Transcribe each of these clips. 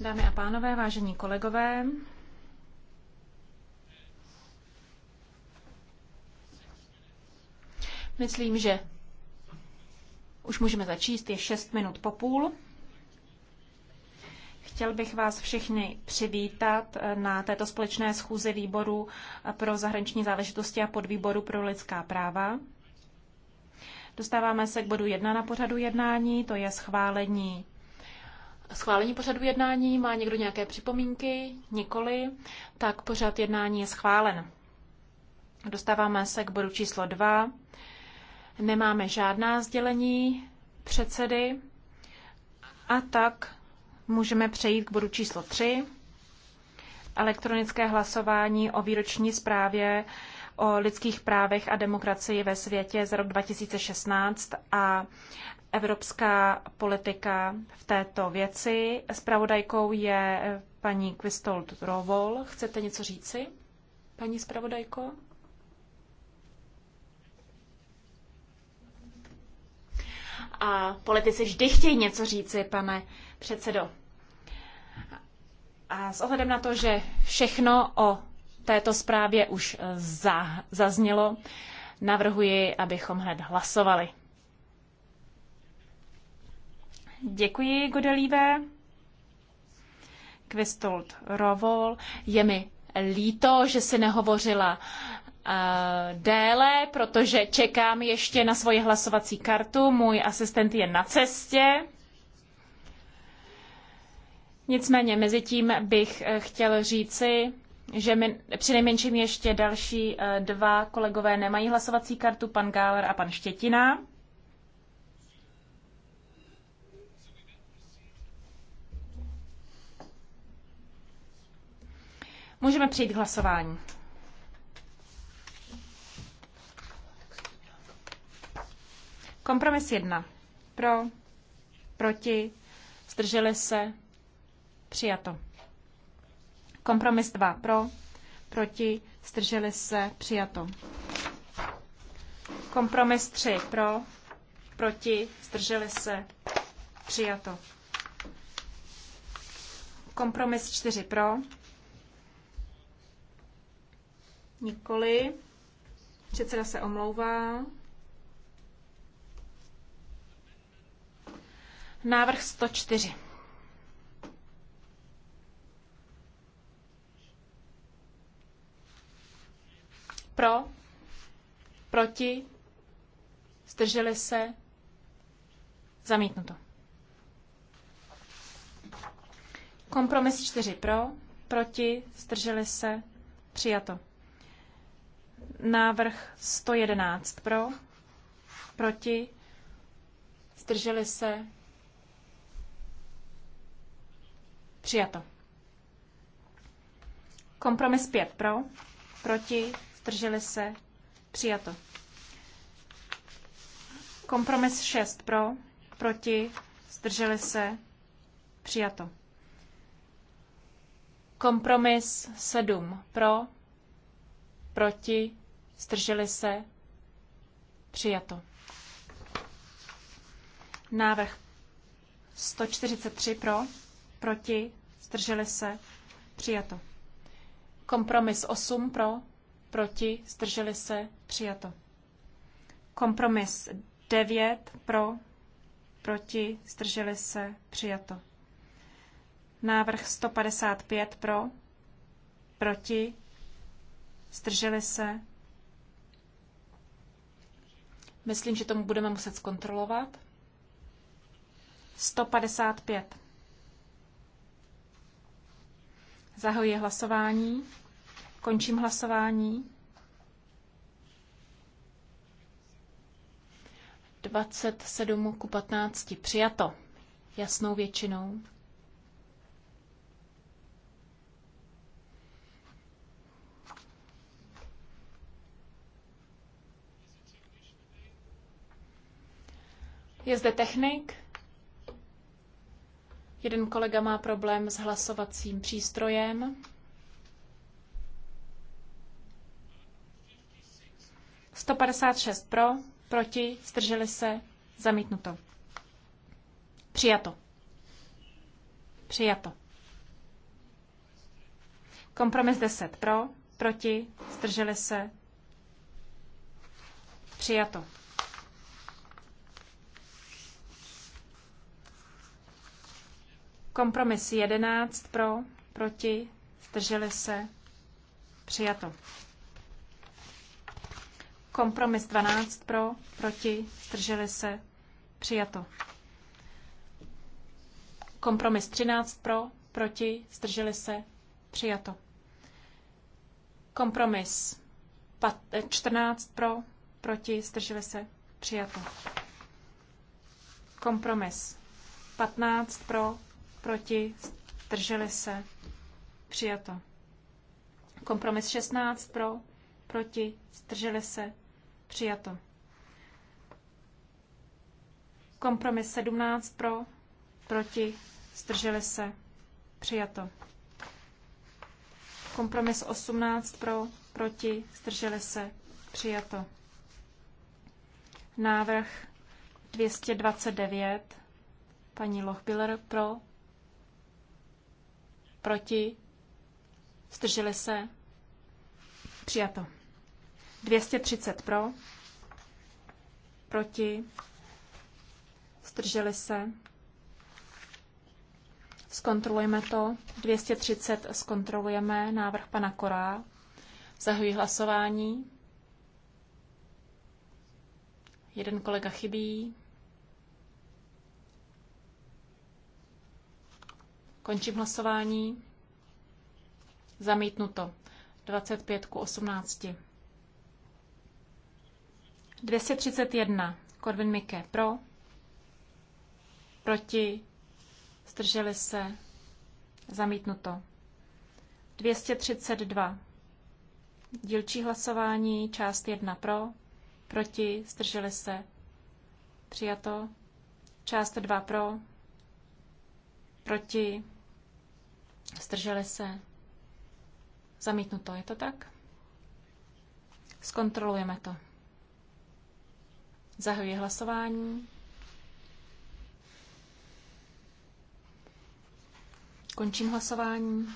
Dámy a pánové, vážení kolegové, myslím, že už můžeme začíst, je 6 minut po půl. Chtěl bych vás všechny přivítat na této společné schůzi výboru pro zahraniční záležitosti a podvýboru pro lidská práva. Dostáváme se k bodu 1 na pořadu jednání, to je schválení. Schválení pořadu jednání, má někdo nějaké připomínky? Nikoli, tak pořad jednání je schválen. Dostáváme se k bodu číslo 2. Nemáme žádná sdělení předsedy a tak můžeme přejít k bodu číslo 3. Elektronické hlasování o výroční zprávě o lidských právech a demokracii ve světě za rok 2016 a evropská politika v této věci. Spravodajkou je paní Kvistold Rovol. Chcete něco říci, paní spravodajko? A politici vždy chtějí něco říci, pane předsedo. A s ohledem na to, že všechno o této zprávě už eh, za, zaznělo. Navrhuji, abychom hned hlasovali. Děkuji, Godelíve. Kvistolt Rovol. Je mi líto, že si nehovořila uh, déle, protože čekám ještě na svoji hlasovací kartu. Můj asistent je na cestě. Nicméně mezi tím bych eh, chtěl říci, že my, přinejmenším ještě další eh, dva kolegové nemají hlasovací kartu, pan Gáler a pan Štětina. Můžeme přijít k hlasování. Kompromis jedna Pro, proti, zdrželi se, přijato. Kompromis 2 pro, proti, zdrželi se, přijato. Kompromis 3 pro, proti, zdrželi se, přijato. Kompromis 4 pro, nikoli, předseda se omlouvá. Návrh 104. Pro? Proti? Zdrželi se? Zamítnuto. Kompromis 4 pro, proti, zdrželi se, přijato. Návrh 111 pro, proti, zdrželi se, přijato. Kompromis 5 pro, proti, zdrželi se, přijato. Kompromis 6 pro, proti, zdrželi se, přijato. Kompromis 7 pro, proti, zdrželi se, přijato. Návrh 143 pro, proti, zdrželi se, přijato. Kompromis 8 pro, proti, zdrželi se, přijato. Kompromis 9 pro, proti, zdrželi se, přijato. Návrh 155 pro, proti, zdrželi se. Myslím, že tomu budeme muset zkontrolovat. 155. Zahoji hlasování. Končím hlasování. 27 ku 15 přijato jasnou většinou. Je zde technik. Jeden kolega má problém s hlasovacím přístrojem. 156 pro, proti, zdrželi se, zamítnuto. Přijato. Přijato. Kompromis 10 pro, proti, zdrželi se, přijato. Kompromis 11 pro, proti, zdrželi se, přijato. Kompromis 12 pro, proti, zdrželi se, přijato. Kompromis 13 pro, proti, zdrželi se, přijato. Kompromis 14 eh, pro, proti, zdrželi se, přijato. Kompromis 15 pro, proti, zdrželi se, přijato. Kompromis 16 pro, proti, zdrželi se, Přijato. Kompromis 17 pro, proti, zdrželi se, přijato. Kompromis 18 pro, proti, zdrželi se, přijato. Návrh 229, paní Lochbiller pro, proti, zdrželi se, přijato. 230 pro, proti, zdrželi se. Zkontrolujeme to. 230 zkontrolujeme návrh pana Korá. Zahuji hlasování. Jeden kolega chybí. Končím hlasování. Zamítnuto. 25 ku 18. 231. Korvin Mike pro. Proti. Zdrželi se. Zamítnuto. 232. Dílčí hlasování, část 1 pro, proti, zdrželi se. Přijato. Část 2 pro, proti, zdrželi se. Zamítnuto, je to tak? Zkontrolujeme to. Zahajuji hlasování. Končím hlasování.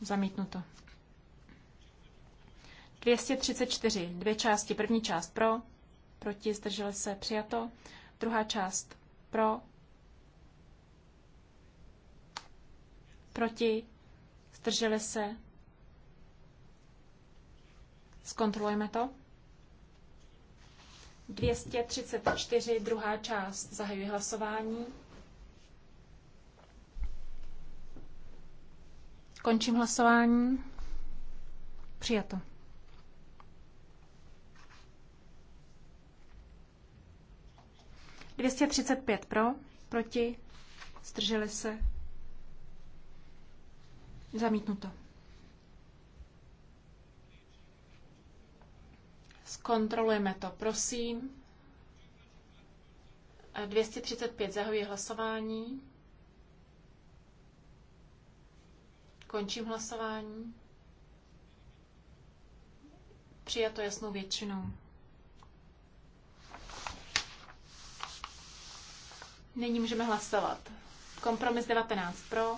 Zamítnuto. 234. Dvě části. První část pro, proti, zdrželi se, přijato. Druhá část pro, proti, zdrželi se. Zkontrolujeme to. 234, druhá část. Zahajuji hlasování. Končím hlasování. Přijato. Dvěstě třicet pět pro, proti, zdrželi se, zamítnuto. Kontrolujeme to, prosím. 235 zahojí hlasování. Končím hlasování. Přijato jasnou většinou. Nyní můžeme hlasovat. Kompromis 19 pro,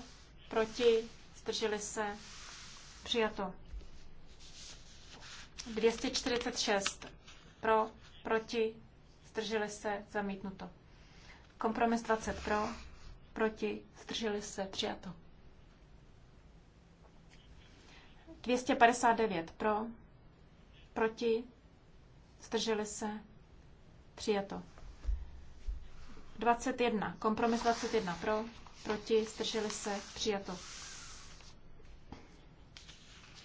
proti, zdrželi se, přijato. 246 pro, proti, zdrželi se, zamítnuto. Kompromis 20 pro, proti, zdrželi se, přijato. 259 pro, proti, zdrželi se, přijato. 21, kompromis 21 pro, proti, zdrželi se, přijato.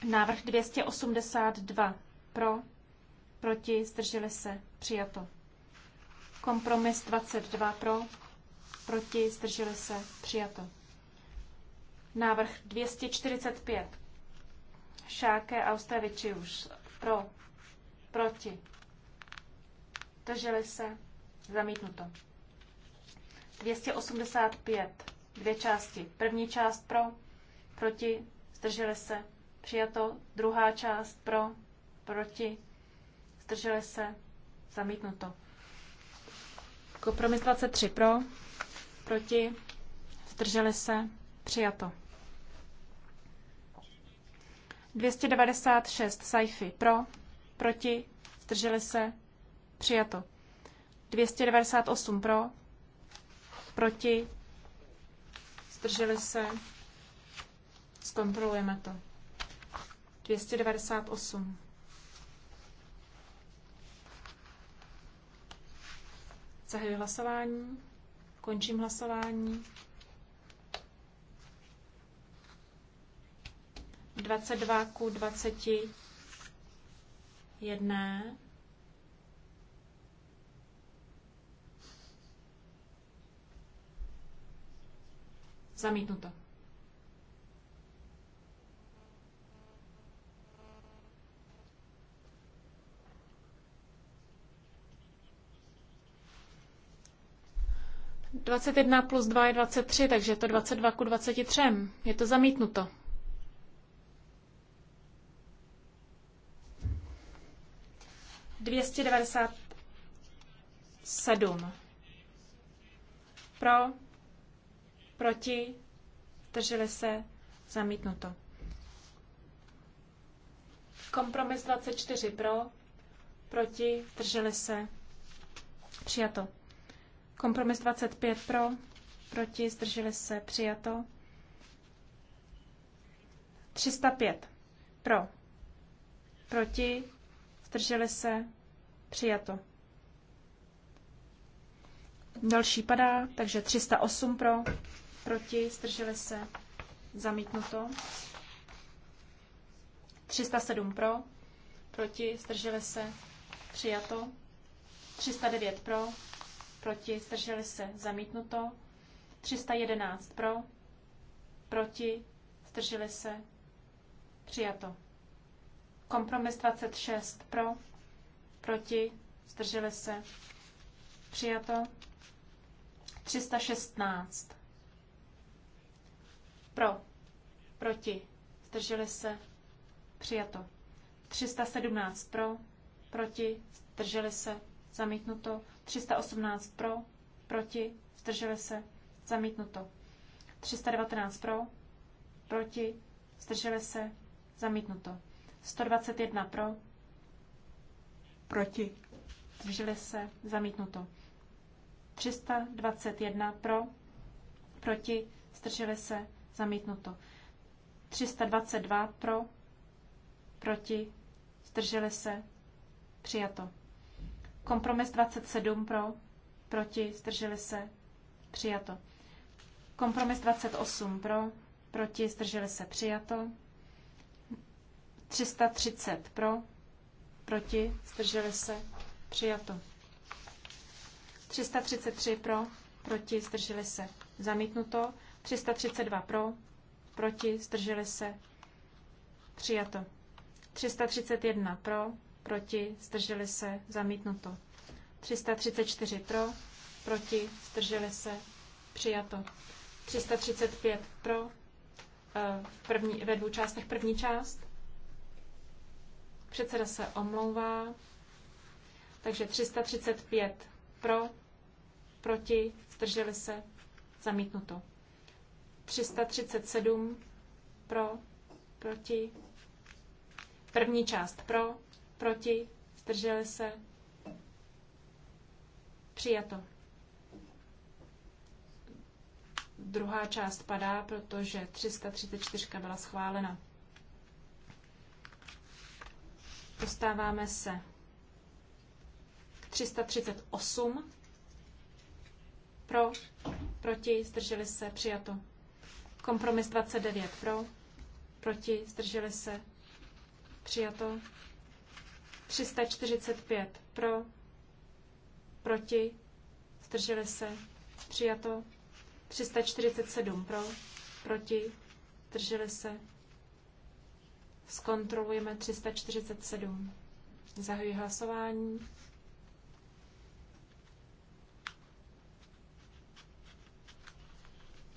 Návrh 282 pro, proti, zdrželi se, přijato. Kompromis 22 pro, proti, zdrželi se, přijato. Návrh 245. Šáke a už pro, proti, zdrželi se, zamítnuto. 285. Dvě části. První část pro, proti, zdrželi se, Přijato. Druhá část pro, proti, zdrželi se, zamítnuto. Kompromis 23 pro, proti, zdrželi se, přijato. 296 sajfy pro, proti, zdrželi se, přijato. 298 pro, proti, zdrželi se, zkontrolujeme to. 298. Zahajuji hlasování. Končím hlasování. 22 ku 21. Zamítnuto. 21 plus 2 je 23, takže je to 22 ku 23. Je to zamítnuto. Dvěstě devadesát sedm. Pro, proti, drželi se, zamítnuto. Kompromis 24 pro, proti, drželi se, přijato. Kompromis 25 pro, proti, zdrželi se, přijato. 305 pro, proti, zdrželi se, přijato. Další padá, takže 308 pro, proti, zdrželi se, zamítnuto. 307 pro, proti, zdrželi se, přijato. 309 pro, proti, zdrželi se, zamítnuto. 311 pro, proti, zdrželi se, přijato. Kompromis 26 pro, proti, zdrželi se, přijato. 316 pro, proti, zdrželi se, přijato. 317 pro, proti, zdrželi se, zamítnuto. 318 pro, proti, zdrželi se, zamítnuto. 319 pro, proti, zdrželi se, zamítnuto. 121 pro, proti, zdrželi se, zamítnuto. 321 pro, proti, zdrželi se, zamítnuto. 322 pro, proti, zdrželi se, přijato. Kompromis 27 pro, proti, zdrželi se, přijato. Kompromis 28 pro, proti, zdrželi se, přijato. 330 pro, proti, zdrželi se, přijato. 333 pro, proti, zdrželi se, zamítnuto. 332 pro, proti, zdrželi se, přijato. 331 pro, proti, zdrželi se, zamítnuto. 334 pro, proti, zdrželi se, přijato. 335 pro, v eh, první, ve dvou částech první část. Předseda se omlouvá. Takže 335 pro, proti, zdrželi se, zamítnuto. 337 pro, proti, první část pro, proti, zdrželi se, přijato. Druhá část padá, protože 334 byla schválena. Dostáváme se k 338. Pro, proti, zdrželi se, přijato. Kompromis 29 pro, proti, zdrželi se, přijato. 345 pro, proti, zdrželi se, přijato. 347 pro, proti, zdrželi se. Zkontrolujeme 347. Zahajuji hlasování.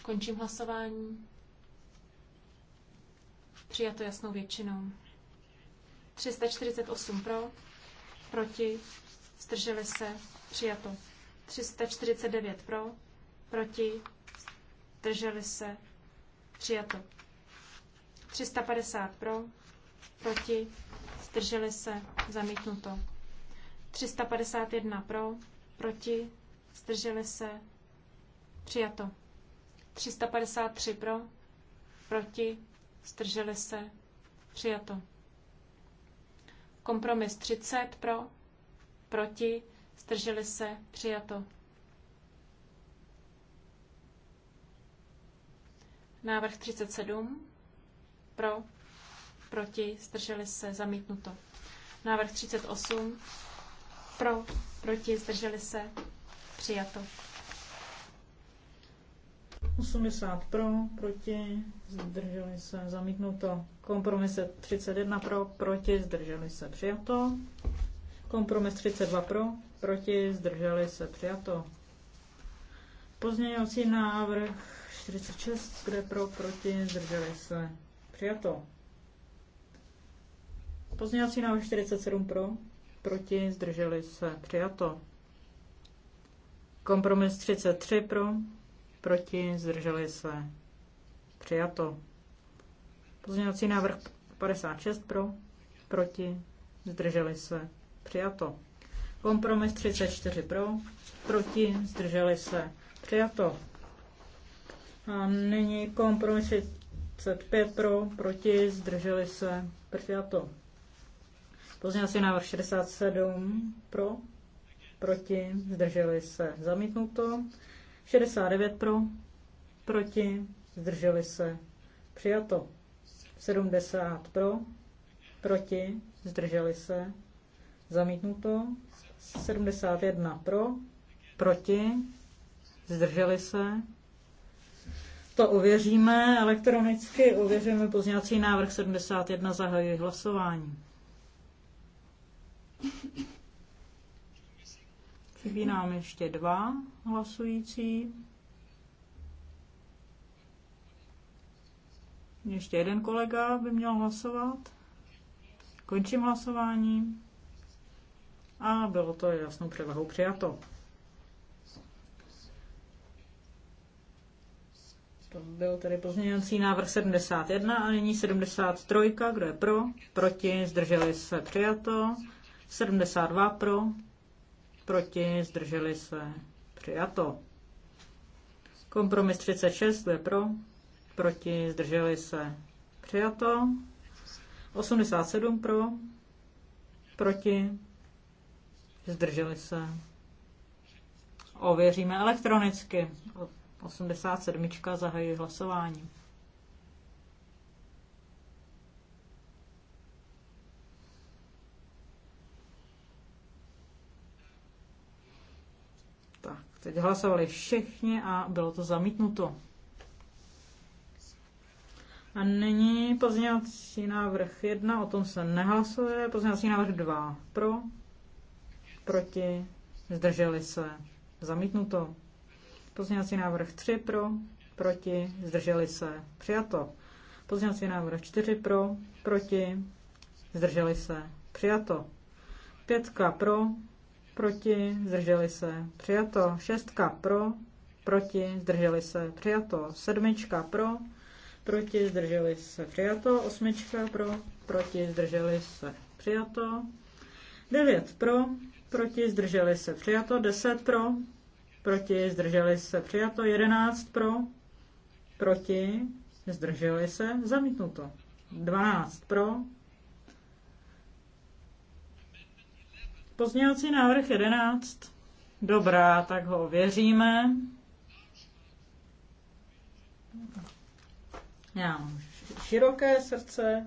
Končím hlasování. Přijato jasnou většinou. 348 pro, proti, zdrželi se, přijato. 349 pro, proti, zdrželi se, přijato. 350 pro, proti, zdrželi se, zamítnuto. 351 pro, proti, zdrželi se, přijato. 353 pro, proti, zdrželi se, přijato. Kompromis 30 pro, proti, zdrželi se, přijato. Návrh 37 pro, proti, zdrželi se, zamítnuto. Návrh 38 pro, proti, zdrželi se, přijato. 80 pro, proti, zdrželi se, zamítnuto. Kompromis 31 pro, proti, zdrželi se, přijato. Kompromis 32 pro, proti, zdrželi se, přijato. Pozměňovací návrh 46, kde pro, proti, zdrželi se, přijato. Pozměňovací návrh 47 pro, proti, zdrželi se, přijato. Kompromis 33 pro, proti, zdrželi se, přijato. Pozměňovací návrh 56 pro, proti, zdrželi se, přijato. Kompromis 34 pro, proti, zdrželi se, přijato. A nyní kompromis 35 pro, proti, zdrželi se, přijato. Pozměňovací návrh 67 pro, proti, zdrželi se, zamítnuto. 69 pro, proti, zdrželi se, přijato. 70 pro, proti, zdrželi se, zamítnuto. 71 pro, proti, zdrželi se. To ověříme elektronicky, ověříme pozňací návrh 71, zahajuji hlasování. Chybí nám ještě dva hlasující. Ještě jeden kolega by měl hlasovat. Končím hlasování. A bylo to jasnou převahou přijato. To byl tedy pozměňovací návrh 71 a nyní 73. Kdo je pro? Proti? Zdrželi se přijato. 72 pro? proti, zdrželi se, přijato. Kompromis 36, kdo je pro, proti, zdrželi se, přijato. 87 pro, proti, zdrželi se. Ověříme elektronicky. 87. zahají hlasování. Tak, teď hlasovali všichni a bylo to zamítnuto. A nyní pozměňovací návrh 1, o tom se nehlasuje. Pozměňovací návrh 2, pro, proti, zdrželi se, zamítnuto. Pozměňovací návrh 3, pro, proti, zdrželi se, přijato. Pozměňovací návrh 4, pro, proti, zdrželi se, přijato. Pětka pro, proti, zdrželi se, přijato. Šestka pro, proti, zdrželi se, přijato. Sedmička pro, proti, zdrželi se, přijato. Osmička pro, proti, zdrželi se, přijato. Devět pro, proti, zdrželi se, přijato. Deset pro, proti, zdrželi se, přijato. Jedenáct pro, proti, zdrželi se, zamítnuto. Dvanáct pro, Pozměňovací návrh 11. Dobrá, tak ho věříme. Já mám široké srdce.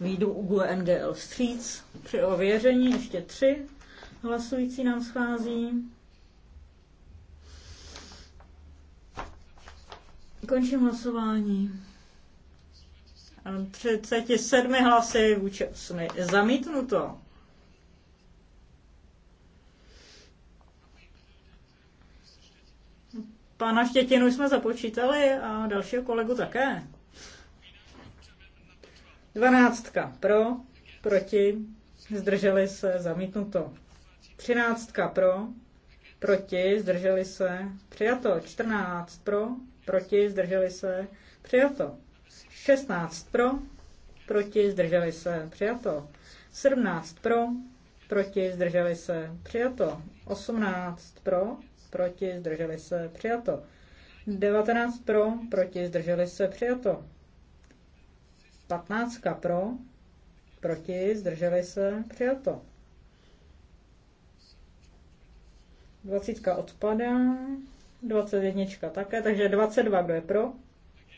Výjdu u NGL Streets. Při ověření ještě tři hlasující nám schází. Končím hlasování. 37 hlasy vůči 8. Zamítnuto. Pana Štětinu jsme započítali a dalšího kolegu také. Dvanáctka pro, proti, zdrželi se, zamítnuto. Třináctka pro, proti, zdrželi se, přijato. Čtrnáct pro, proti, zdrželi se, přijato. Šestnáct pro, proti, zdrželi se, přijato. Sedmnáct pro, proti, zdrželi se, přijato. Osmnáct pro, proti, zdrželi se, přijato. 19 pro, proti, zdrželi se, přijato. 15 pro, proti, zdrželi se, přijato. 20 odpadá, 21 také, takže 22, kdo je pro,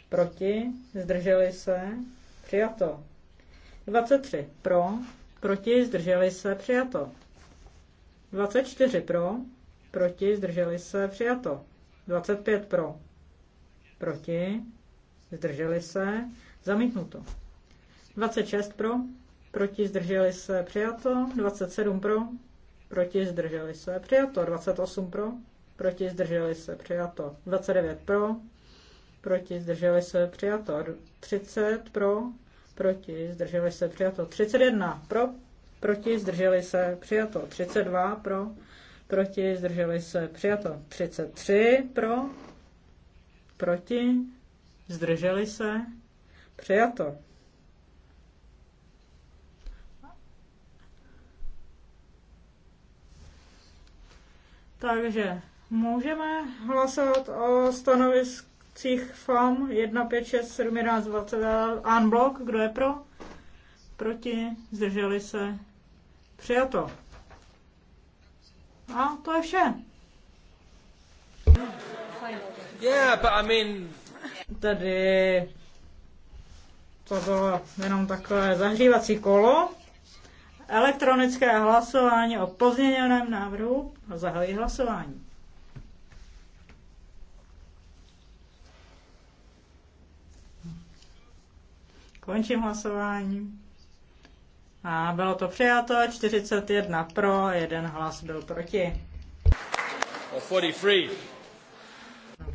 proti, zdrželi se, přijato. 23 pro, proti, zdrželi se, přijato. 24 pro, proti, zdrželi se, přijato. 25 pro, proti, zdrželi se, zamítnuto. 26 pro, proti, zdrželi se, přijato. 27 pro, proti, zdrželi se, přijato. 28 pro, proti, zdrželi se, přijato. 29 pro, proti, zdrželi se, přijato. 30 pro, proti, zdrželi se, přijato. 31 pro, proti, zdrželi se, přijato. 32 pro, proti, zdrželi se, přijato. 33 pro, proti, zdrželi se, přijato. Takže můžeme hlasovat o stanoviscích FAM 1, 5, 6, 7, 11, 20 unblock. Kdo je pro? Proti? Zdrželi se? Přijato. A no, to je vše. Yeah, but I mean... Tady to bylo jenom takové zahřívací kolo. Elektronické hlasování o pozměněném návrhu a zahajuji hlasování. Končím hlasování. A bylo to přijato 41 pro, jeden hlas byl proti. 43.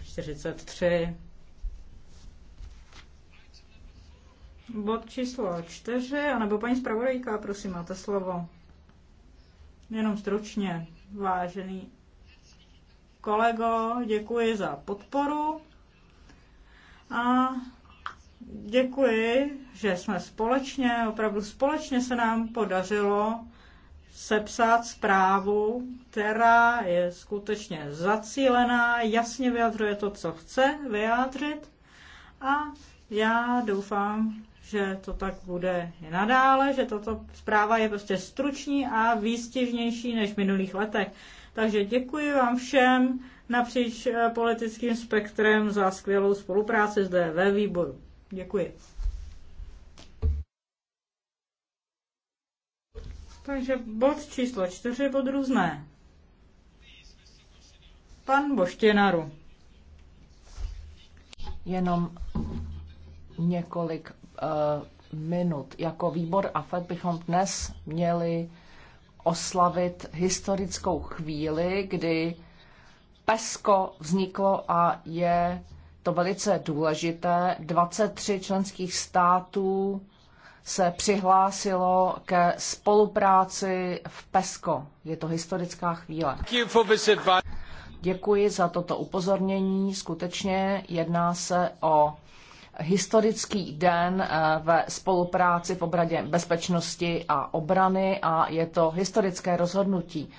43. Bod číslo 4, anebo paní zpravodajka, prosím, máte slovo. Jenom stručně, vážený kolego, děkuji za podporu. A děkuji, že jsme společně, opravdu společně se nám podařilo sepsat zprávu, která je skutečně zacílená, jasně vyjadřuje to, co chce vyjádřit a já doufám, že to tak bude i nadále, že tato zpráva je prostě struční a výstižnější než v minulých letech. Takže děkuji vám všem napříč eh, politickým spektrem za skvělou spolupráci zde ve výboru. Děkuji. Takže bod číslo čtyři, bod různé. Pan Boštěnaru. Jenom několik uh, minut. Jako výbor FED bychom dnes měli oslavit historickou chvíli, kdy PESCO vzniklo a je to velice důležité, 23 členských států se přihlásilo ke spolupráci v PESCO. Je to historická chvíle. Děkuji za toto upozornění. Skutečně jedná se o historický den eh, ve spolupráci v obradě bezpečnosti a obrany a je to historické rozhodnutí.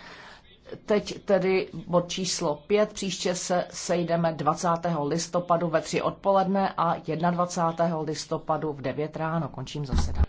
Teď tedy bod číslo 5. Příště se sejdeme 20. listopadu ve 3 odpoledne a 21. listopadu v 9 ráno. Končím zasedání.